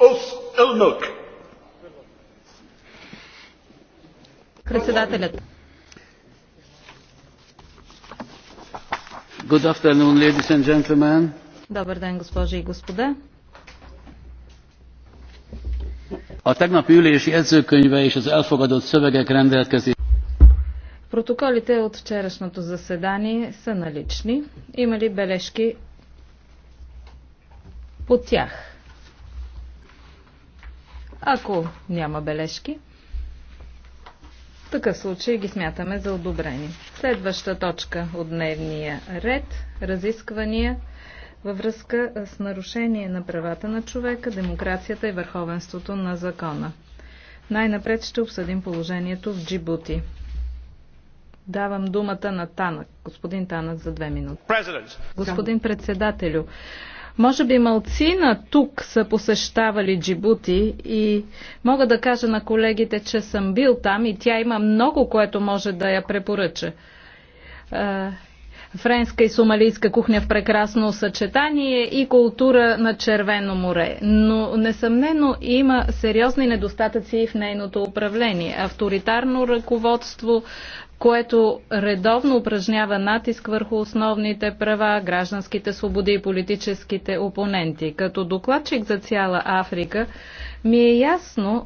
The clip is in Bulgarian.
Ос Елнок. Председателят. Good afternoon, ladies and gentlemen. Добър ден, госпожи и господа. A tegnapi jegyzőkönyve és az elfogadott szövegek Протоколите от вчерашното заседание са налични. Има ли бележки по тях? Ако няма бележки, в такъв случай ги смятаме за одобрени. Следваща точка от дневния ред – разисквания във връзка с нарушение на правата на човека, демокрацията и върховенството на закона. Най-напред ще обсъдим положението в Джибути. Давам думата на Танък. Господин Танък за две минути. Господин председателю, може би малцина тук са посещавали Джибути и мога да кажа на колегите, че съм бил там и тя има много, което може да я препоръча френска и сомалийска кухня в прекрасно съчетание и култура на Червено море. Но несъмнено има сериозни недостатъци в нейното управление. Авторитарно ръководство, което редовно упражнява натиск върху основните права, гражданските свободи и политическите опоненти. Като докладчик за цяла Африка ми е ясно,